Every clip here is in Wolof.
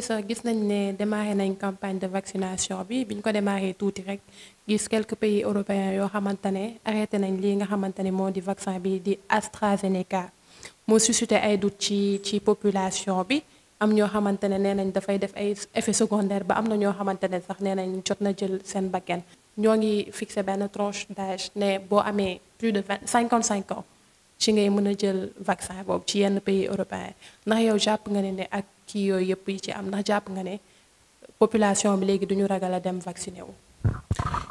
professeur gis nañ ne démarré nañ campagne de vaccination bi bi ñu ko démarré tuuti rek gis quelques pays européens yoo xamante ne arrêté nañ lii nga xamante ne moo di vaccin bi di AstraZeneca moo suscité ay doute ci ci population bi am ñoo xamante ne nee nañ dafay def ay effet secondaire ba am na ñoo xamante ne sax nee nañ jot na jël seen bakkan ñoo ngi fixé benn tranche d'âge ne boo amee plus de vingt cinquante cinq ci ngay mën a jël vaccin boobu ci yenn pays européen ndax yow jàpp nga ne ne ak kii yooyu yëpp yi ci am ndax jàpp nga ne population bi léegi duñu ragal a dem vacciné wu.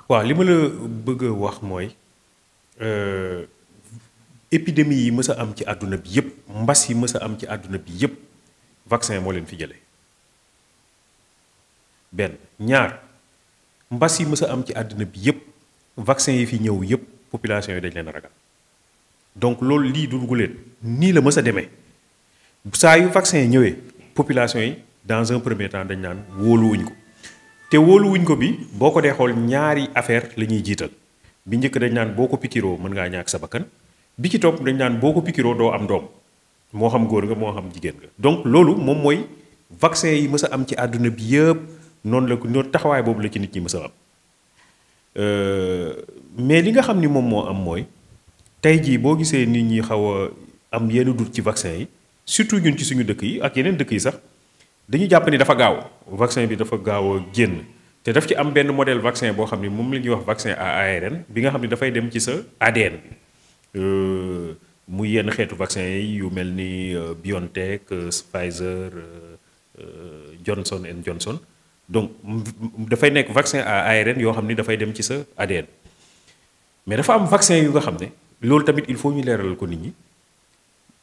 waaw li ma la bëgg a wax mooy euh, épidémie yi mës a am ci àdduna bi yëpp mbas yi mës a am ci àdduna bi yëpp vaccin moo leen fi jëlee benn ñaar mbas yi mës am ci àdduna bi yëpp vaccin yi fi ñëw yëpp population yi dañ leen ragal. donc loolu lii du dugg leen nii la mës a demee saa yu vaccin ñëwee population yi dans un premier temps dañ naan wóoluwuñ ko te wóoluwuñ ko bi boo ko dee xool ñaari affaire la ñuy jiital bi njëkk dañ naan boo ko pikiroo mën ngaa ñàkk sa bakkan bi ci topp dañ naan boo ko pikiroo doo am doom moo xam góor nga moo xam jigéen nga donc loolu moom mooy vaccin yi mës a am ci àdduna bi yëpp noonu la ko noonu taxawaay boobu la ci nit ñi mës a am euh, mais li nga xam ni moom moo am mooy tey jii boo gisee nit ñi xaw a am yenn doute ci vaccin yi surtout ñun ci suñu dëkk yi ak yeneen dëkk yi sax dañu jàpp ni dafa gaaw vaccin bi dafa gaaw a génn te daf ci am benn modèle vaccin boo xam ni moom la ñuy wax vaccin à ARN bi nga xam ni dafay dem ci sa ADN bi yenn xeetu vaccin yi yu mel ni euh, BioNTech euh, Pfizer euh, Johnson and donc dafay nekk vaccin à ARN yoo xam ni dafay dem ci sa ADN mais dafa am vaccin yu nga xam ne loolu tamit il faut ñu leeralal ko nit ñi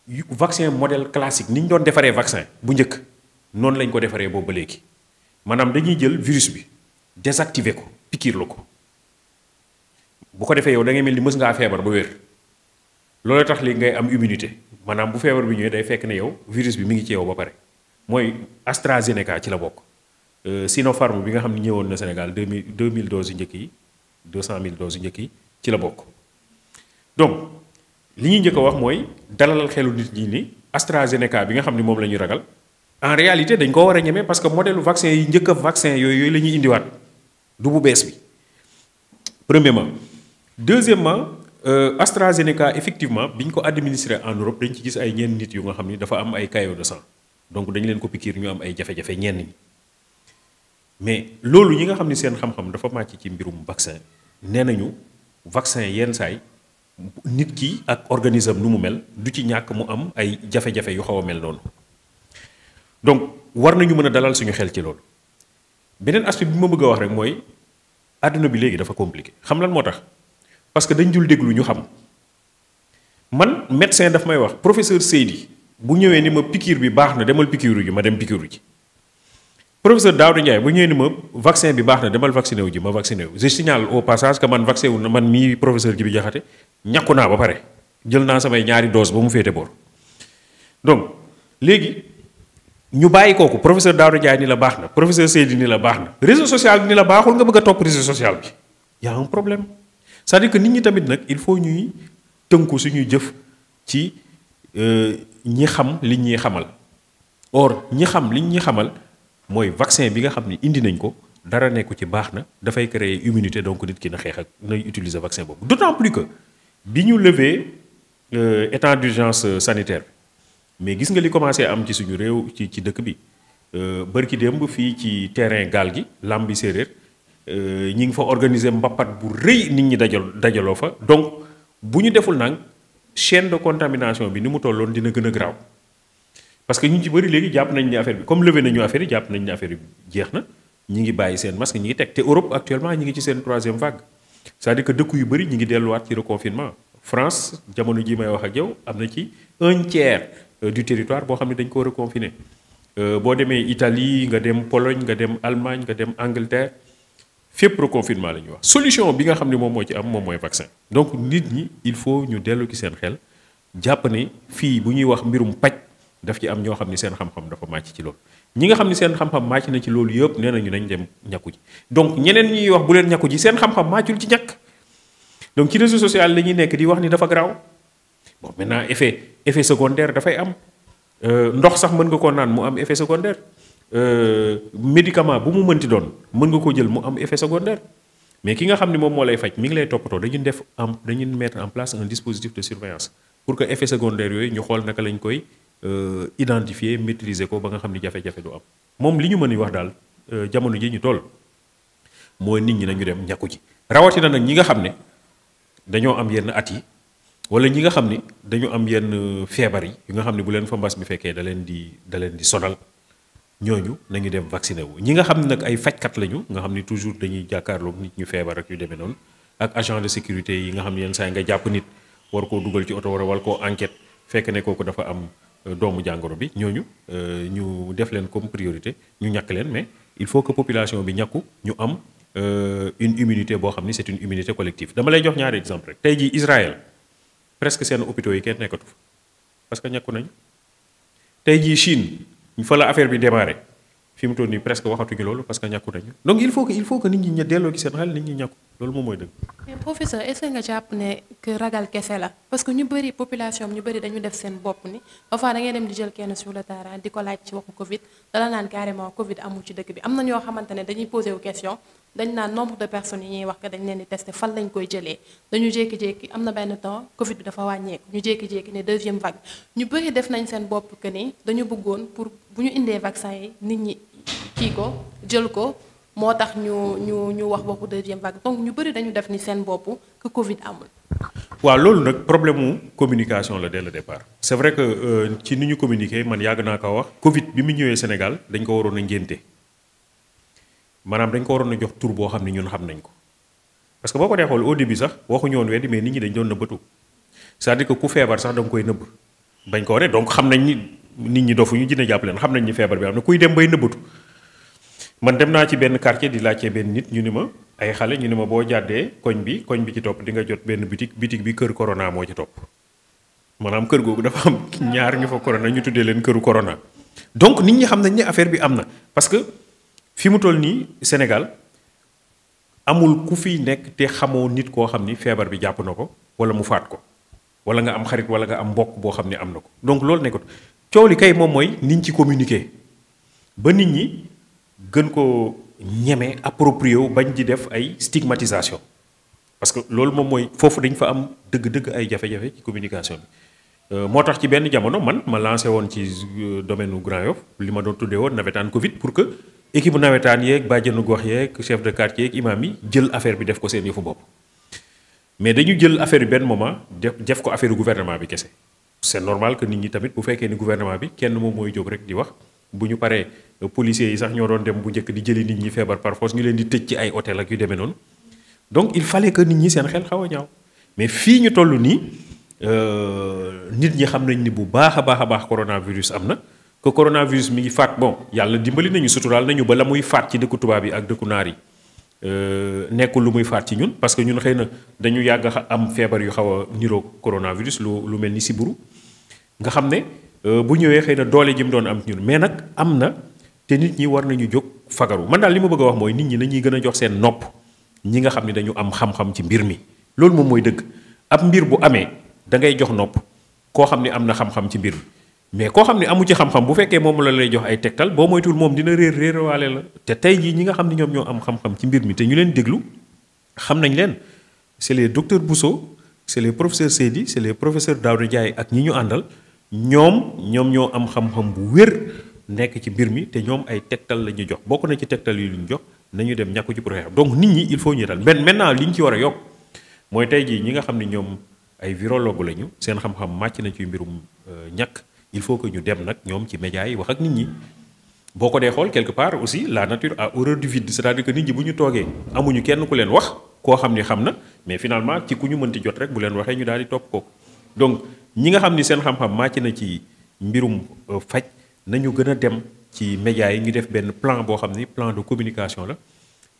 yu vaccin modèle classique ni ñu doon defaree vaccin bu njëkk noonu lañ ko defaree boobu ba léegi maanaam dañuy jël virus bi désactiver ko pikiir la ko bu ko defee yow da ngay mel ni mës ngaa feebar ba wér loolu tax li ngay am immunité maanaam bu feebar bi ñëwee day fekk ne yow virus bi mi ngi ci yow ba pare mooy AstraZeneca ci la bokk euh, Sinopharm bi nga xam ne ñëwoon na Sénégal deux mille deux mille doses yu njëkk yi deux cent mille doses njëkk ci la bokk. donc li ñuy njëkk a wax mooy dalalal xelu nit ñi ni AstraZeneca bi nga xam ni moom la ñuy ragal en réalité dañ koo war a ñemee parce que modèle vaccin yi njëkk a vaccin yooyu yooyu la ñuy indiwaat du bu bees bi premièrement deuxièmement euh, AstraZeneca effectivement bi ñu ko administré en Europe dañu ci gis ay ñeen nit yu nga xam ni dafa am ay caillot de sang donc dañ leen ko pikiir ñu am ay jafe-jafe ñenn ñi mais loolu ñi nga xam ni seen xam-xam dafa màcc ci mbirum vaccin nee nañu vaccin yenn saay nit ki ak organisme nu mu mel du ci ñàkk mu am ay jafe-jafe yu xaw a mel noonu donc war na ñu mën a dalal suñu xel ci loolu beneen aspect bi ma bëgg a wax rek mooy àdduna bi léegi dafa compliqué xam lan moo tax parce que dañ dul déglu ñu xam man médecin dafa may wax professeur Seydi bu ñëwee ni ma piqûre bi baax na demal piqûre ji ma dem piqûre ji professeur Daouda Ndiaye bu ñëwee ni ma vaccin bi baax na demal vacciné ji ma vacciné wu je signale passage que man vacciné wu na man mii professeur Djibi Diakhaté ñàkku naa ba pare jël naa samay ñaari dose ba mu féete boor donc léegi ñu bàyyi kooku professeur Daouda Ndiaye ni la baax na professeur Seydi ni la baax na réseau social bi ni la baaxul nga bëgg a topp réseau social bi y a un problème c'est-à-dire que nit ñi tamit nag il faut ñuy tënku suñuy jëf ci euh, ñi xam li ñuy xamal mooy vaccin bi nga xam ne indi nañ ko dara nekku ci baax na dafay créer immunité donc nit ki na xeex ak nay utiliser vaccin boobu d'autant plus que bi ñu lever euh, état d'urgence sanitaire bi mais gis nga li commencé am ci suñu réew ci ci dëkk bi euh, bërki démb fii ci terrain gaal gi làmbi séeréer euh, ñi ngi fa organiser mbappat bu rëy nit ñi dajal dajaloo fa donc bu ñu deful nag chaîne de contamination bi ni mu tolloon dina gën a graaw parce que ñu ci bëri léegi jàpp nañ ne affaire bi comme levé nañu affaire yi jeex na ñi ngi bàyyi seen masque ñi ngi teg te Europe actuellement ñi ngi ci seen troisième vague c'est-à-dire que dëkk yu bëri ñi ngi delluwaat ci reconfinement France jamono ji may wax ak jaw am na ci un tiers euh, du territoire boo xam ne dañ koo reconfiné euh, boo demee Italie nga dem Pologne nga dem Allemagne nga dem Angleterre fépp reconfinement la ñuy wax solution bi nga xam ne moom moo ci am moom mooy vaccin donc nit ñi il faut ñu dellu ci seen xel jàpp ne fii bu ñuy daf ci am ñoo xam ni seen xam-xam dafa màcc ci loolu ñi nga xam ni seen xam-xam màcc na ci loolu yëpp nee nañu nañ dem ñàkku ji donc ñeneen ñuy wax bu leen ñàkku ji seen xam-xam màccul ci ñàkk donc ci réseau social la ñuy nekk di wax ni dafa garaaw bon maintenant effet effet secondaire dafay am euh, ndox sax mën nga koo mu am effet secondaire euh, médicament bu mu mënti doon mën nga ko jël mu am effet secondaire mais ki nga xam ni moom moo lay faj mu ngi lay toppatoo dañu def am dañu mettre en place un dispositif de surveillance pour que effet secondaire yooyu ñu xool naka lañ koy Euh, identifier maîtriser ko ba nga xam ni jafe-jafe du am moom li ñu mën a wax daal euh, jamono ji ñu toll mooy nit ñi nañu dem ñàkku ji rawatina nag ñi nga xam ne dañoo am yenn at yi wala ñi nga xam ni dañu am yenn euh, feebar yi yu nga xam ne bu leen fa mbas mi fekkee da leen di da leen di sonal ñooñu nañu dem vacciné wu ñi nga xam ne nag ay fajkat lañu nga xam ni toujours dañuy jàkkaarloog nit ñu feebar ak yu demee noonu ak agent de sécurité yi nga xam ne yenn saa nga jàpp nit war koo dugal ci oto war a wal koo enquete fekk ne kooku dafa am Euh, doomu jàngoro bi ñooñu euh, ñu def leen comme priorité ñu ñàkk leen mais il faut que population bi ñàkku ñu am euh, une immunité boo xam ni c'est une immunité collective dama lay jox ñaari exemple rek tey jii Israël presque seen opito yi kenn nekkatu fa parce que ñàkku nañu tey jii Chine fa la affaire bi démarré fi mu toll nii presque waxatuñu loolu parce que ñàkku nañu donc il faut que nit ñi delloo ci seen xel nit ñi ñàkku loolu moom mooy dëgg. mais professeur est nga jàpp ne que ragal kese la parce que ñu bëri population ñu bëri dañu def seen bopp ni parfois da ngay dem di jël kenn sur le terrain di ko laaj ci waxu Covid dala naan carrément Covid amul ci dëkk bi am na ñoo xamante ne dañuy posé wu question dañ naan nombre de personnes yi ñuy wax que dañ leen di testé fan lañ koy jëlee dañu jékki-jékki am na benn temps Covid bi dafa wàññeeku ñu jékki-jékki ne deuxième vague ñu bëri def nañ seen bopp que ni dañu bëggoon pour bu ñu indee vaccin yi nit ñi ko jël ko. moo tax ñu ñu ñu wax boppu deuxième vague donc ñu bëri dañu def ni seen bopp que Covid amul. waaw loolu nag problème mu communication la dès le départ. c' est vrai que euh, ci ni ñu communiquer man yàgg naa ko wax. Covid bi mu ñëwee Sénégal dañ ko waroon a ngénte maanaam dañ ko waroon a jox tur boo xam ne ñun xam nañ ko parce que boo ko dee xool au début sax waxuñu woon weddi mais nit ñi dañ doon nëbbatu c' est dire ku feebar sax da koy nëbb bañ ko wane donc xam nañ ni nit ñi dofuñu dina jàpp xam nañ ni feebar bi am na kuy dem bay man dem naa ci benn quartier di laajte benn nit ñu ni ma ay xale ñu ni ma boo jàddee koñ bi koñ bi ci topp di nga jot benn bitig bitig bi kër corona moo ci topp maanaam kër googu dafa xam ñaar ñu fa corona ñu tuddee leen këru corona. donc nit ñi xam nañ ne affaire bi am na parce que fi mu toll nii Sénégal amul ku fi nekk te xamoo nit koo xam ni feebar bi jàpp na ko wala mu faat ko wala nga am xarit wala nga am mbokk boo xam ne am na ko donc loolu nekkut coow li kay moom mooy niñ ci communiquer ba nit ñi. gën ko ñeme approprié wu bañ di def ay stigmatisation parce que loolu moom mooy foofu dañ fa am dëgg-dëgg ay jafe-jafe ci communication bi euh, moo tax ci benn jamono man ma lancé woon ci euh, domaine u Grand Yoff li ma doon tuddee woon nawetaan Covid pour que équipe nawetaan yeeg bàjjenu wax yee chef de quartier yeeg imam yi jël affaire bi def ko seen yëfu bopp mais dañu jël affaire bi benn moment def def ko affaire gouvernement bi kese c'est normal que nit ñi tamit bu fekkee ni gouvernement bi kenn moom mooy jóg rek di wax bu ñu policiers yi sax ñoo doon dem bu njëkk di jëli nit ñi feebar par force ñu leen di tëj ci ay hôtel ak yu demee noonu donc il fallait que nit ñi seen xel xaw a ñaaw mais fii ñu toll nii euh, nit ñi xam nañ ni bu baax a baax a baax coronavirus am na que coronavirus mi ngi faat bon yàlla dimbali nañu suturaal nañu ba la muy faat ci dëkku tubaab yi ak dëkku naar yi euh, nekkul lu muy faat ci ñun parce que ñun xëy na dañu yàgg am feebar yu xaw a niroo coronavirus lu lu mel ni siburu nga xam ne euh, bu ñëwee xëy na doole ji doon am ñun mais nag am na. te nit ñi war nañu jóg fagaru man daal li ma bëgg a wax mooy nit ñi nañuy gën a jox seen nopp ñi nga xam ne dañu am xam-xam ci mbir mi loolu moom mooy dëgg ab mbir bu amee dangay jox nopp koo xam ni am na xam-xam ci mbir mi mais koo xam ne amu ci xam bu fekkee moom la lay jox ay tegtal boo moytul moom dina réer réerwaale la te tey jii ñi nga xam ne ñoom ñoo am xam ci mbir mi te ñu leen déglu xam nañ leen c'est les docteurs Bousso c'est les professeurs Seydi c'est les professeurs Daouda Ndiaye ak ñi ñu àndal ñoom ñoom ñoo am xam-xam bu wér nekk ci mbir mi te ñoom ay tegtal la ñuy jox bokk na ci tegtal yi lu ñu jox nañu dem ñàkku ci pour xeex donc nit ñi il faut ñu dal benn maintenant li ñu ci war a yokk mooy tey jii ñi nga xam ne ñoom ay virologue lañu seen xam màcc na ci mbirum euh, ñàkk il faut que ñu dem nag ñoom ci médias yi ak nit ñi. boo ko dee xool quelque part aussi la nature a horreur du vide cest que nit ñi bu ñu toogee amuñu kenn ku leen wax koo xam ni xam na mais finalement ci ku ñu mënti jot rek bu leen waxee ñu daal di donc ñi nga xam ni seen xam-xam na ci mbirum euh, faj. nañu gën a dem ci médias yi ñu def benn plan boo xam ni plan de communication la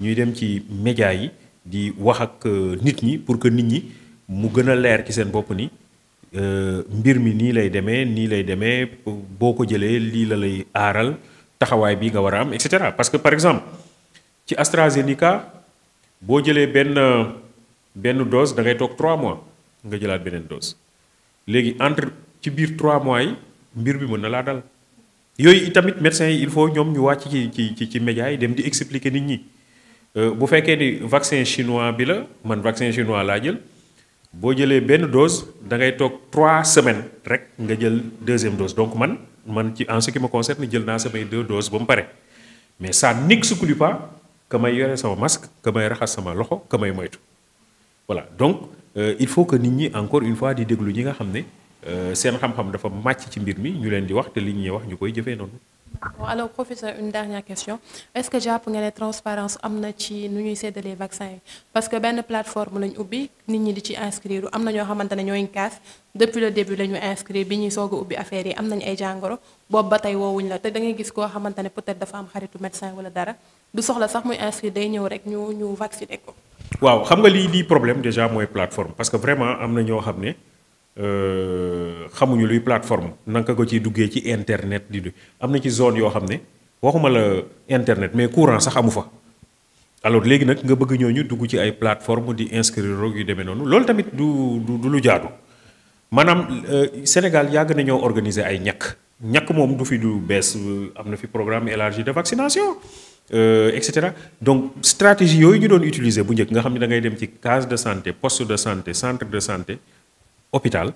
ñuy dem ci médias yi di wax ak euh, nit ñi pour que nit ñi mu gën a leer ci seen bopp ni euh, mbir mi nii lay demee nii lay demee boo ko jëlee lii la lay aaral taxawaay bii nga war a am et cetera parce que par exemple ci AstraZeneca boo jëlee benn euh, benn dose da ngay toog trois mois nga jëlaat beneen dose léegi entre ci biir trois mois yi mbir bi mën na laa dal. yooyu tamit médecins yi il faut ñoom ñu wàcc ci ci ci ci médias yi dem di expliquer nit ñi euh, bu fekkee ni vaccin chinois bi la man vaccin chinois laa jël boo jëlee benn dose da ngay toog trois semaines rek nga jël deuxième dose donc man man ci en ce qui me concerne jël naa samay deux dose ba mu pare mais ça n'exclut pas que may yore sama masque que may raxas sama loxo que may moytu voilà donc euh, il faut que nit ñi encore une fois di déglu ñi nga xam ne. Euh, seen xam-xam dafa màcc ci mbir mi ñu leen di wax te li ñuy wax ñu koy jëfee noonu. bon alors professeur une dernière question est-ce que jàpp nga ne transparence am na ci nu ñuy séddalee vaccin yi parce que benn plateforme lañ ubbi nit ñi di ci inscrire am na ñoo xamante ne ñooy kaas depuis le début la ñu bi ñuy soog ubbi affaire yi am nañ ay jàngoro boobu ba tey woowuñ la te da gis koo xamante ne peut-être dafa am xaritu médecin wala dara du soxla sax muy inscrire day ñëw rek ñu ñu vacciner ko. waaw xam nga lii di problème déjà mooy plateforme que vraiment am na xam ne. Euh, xamuñu luy plateforme nanka ko ciy duggee ci internet di am na ci zone yoo xam ne waxuma la internet mais courant sax amu fa alors léegi nag nga bëgg ñu dugg ci ay plateforme di inscrire roog yu demee noonu loolu tamit du du lu jaadu maanaam euh, Sénégal yàgg nañoo organiser ay ñàkk ñàkk moom du fi du bees euh, am na fi programme élargi de vaccination et cetera donc stratégie yooyu ñu doon utiliser bu njëkk nga xam ne da ngay dem ci case de santé poste de santé centre de santé hôpital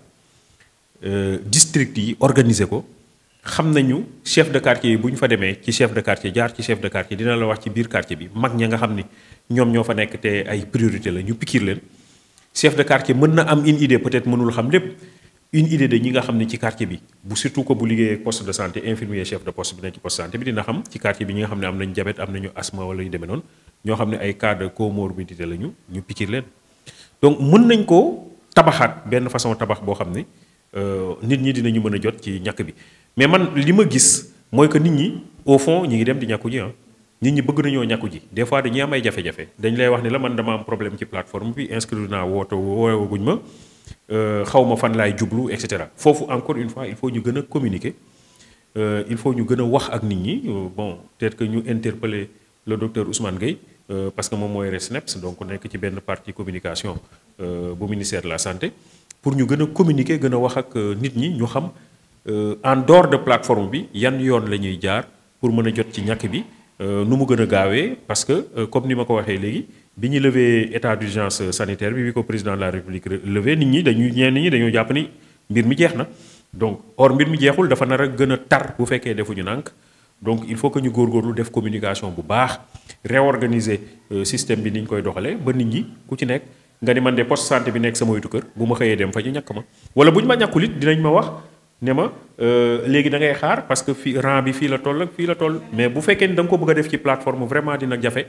euh, district yi organiser ko xam nañu chef de quartier yi bu ñu fa demee ci chef de quartier jaar ci chef de quartier dina la wax ci biir quartier bi mag ña nga xam ni ñoom ñoo fa nekk te ay priorité la ñu pikiir leen chef de quartier mën na am une idée peut-être mënul xam lépp une nga xam ne ci quartier bi bu surtout que bu liggéeyee poste de santé infirmier chef de poste bi nekk ci poste santé bi dina xam ci quartier bi ñi la ñu ñu pikiir leen donc mën nañ ko tabaxaat benn façon tabax boo xam ne euh, nit ñi dinañu mën a jot ci ñàkk bi mais man li ma gis mooy que nit ñi au fond ñi ngi dem di ñàkku ji ah nit ñi bëgg nañoo ñàkku ji des fois dañuy am ay jafe-jafe dañ lay wax ni la man dama am problème ci plateforme bi inscrire naa wooto woowaguñ ma euh, xaw ma fan laay jublu et cetera foofu encore une fois il faut ñu gën a communiquer euh, il faut ñu gën a wax ak nit ñi bon peut-être que ñu interpeller le docteur Ousmane Gueye parce que moom mooy RESNEPS donc nekk ci benn partie communication Euh, bu ministère de la santé pour ñu gën a communiquer gën a wax ak euh, nit ñi ñu xam euh, en dehors de plateforme bi yan yoon la ñuy jaar pour mën a jot ci ñàkk bi nu mu gën a gaawee parce que comme ni ma ko waxee léegi bi ñu levé état d'urgence sanitaire bi bi ko président de la république levé nit ñi dañuy ñeen nit ñi dañoo jàpp ni mbir mi jeex na donc or mbir mi jeexul dafa nar a gën a tar bu fekkee defuñu nànk donc il faut que ñu góorgóorlu def communication bu baax réorganiser système bi ni koy doxalee ba nit ñi ku ci nekk nga ni man de poste santé bi nekk sama wetu kër bu ma xëyee dem fa ñu ñàkk ma wala bu ñu ma ñàkkul it dinañ ma wax ne ma euh, léegi da ngay xaar parce que fii rang bi fii la toll ak fii la toll mais bu fekkee ni da ko bëgg a def ci plateforme dina jafe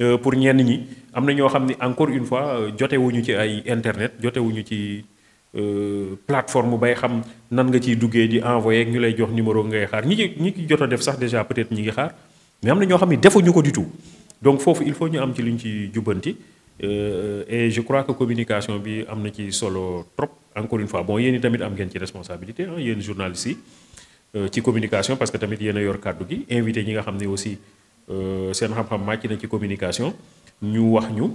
euh, pour ñenn ñi am na ñoo xam ne encore une fois euh, jotewuñu ci ay internet jotewuñu ci plateforme bay xam nan nga ciy duggee di envoyé ak ñu lay jox numéro ngay xaar ñi ci ñi ci jot a def sax déjà peut-être ñi ngi xaar mais am na ñoo xam ne defuñu ko du tout donc foofu il faut ñu am ci lu luñ ci jubbanti Euh, et je crois que communication bi am na ci solo trop encore une fois bon yéen tamit am ngeen ci responsabilité ah yéen journalistes yi euh, ci communication parce que tamit yéen a yor kàddu gi invité ñi nga xam ne aussi euh, seen xam-xam màcc na ci communication ñu wax ñu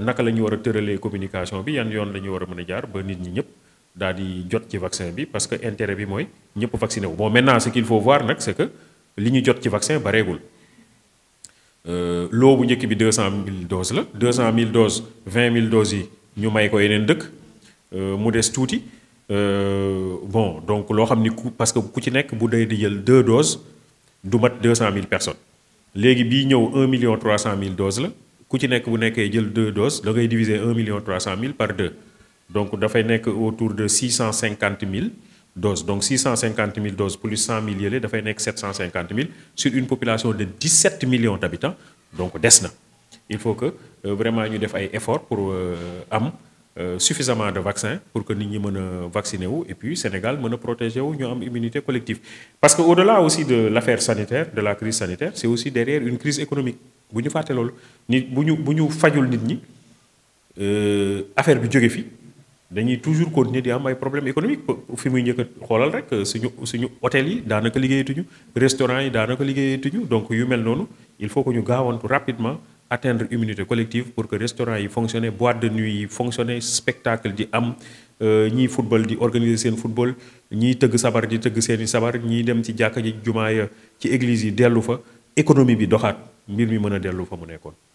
naka la ñu war a tëralee communication bi yan yoon lañu ñu war a mën a jaar ba nit ñi ñëpp daal di jot ci vaccin bi parce que intérêt bi mooy ñëpp vacciné wu bon maintenant ce il faut voir nag c'est que li ñu jot ci vaccin bareegul Euh, loo bu njëkk bi deux cent mille dose la deux cent mille doses vingt mille doses yi ñu may ko yeneen dëkk euh, mu des tuuti euh, bon donc loo xam ni ku parce que ku ci nekk bu dee di jël deux doses du mat deux cent mille personnes léegi bii ñëw un million trois cent mille doses la ku ci nekk bu nekkee jël deux doses da ngay diviser un million trois cent mille par deux donc dafay nekk autour de six cent cinquante mille doses donc 650 000 doses plus 100 000 yële dafay nekk 750 000 sur une population de 17 millions d' habitants donc des na il faut que euh, vraiment ñu def ay efforts pour euh, am euh, suffisamment de vaccins pour que nit ñi mën a vacciner wu et puis Sénégal mën a protéger wu ñu am immunité collective. parce que au-delà aussi de l' affaire sanitaire de la crise sanitaire c' est aussi derrière une crise économique bu ñu fàtte loolu nit bu ñu bu ñu fajul nit ñi affaire bi jóge fi. dañuy toujours continuer di am ay problème économiques fi muy njëkk xoolal rek euh, suñu suñu hôtel yi daanaka liggéeyatuñu restaurant yi daanaka liggéeyatuñu donc yu mel noonu il faut que ñu gaawantu rapidement atteindre immunité collective pour que restaurant yi fonctionner boîte de nuit yi fonctionner spectacle di am euh, ñiy football di organiser seen football ñiy tëgg sabar di tëgg seeni sabar ñiy dem ci jàkka ji jumaa ya ci église yi dellu fa économie bi doxaat mbir mi mën a dellu fa mu nekkoon.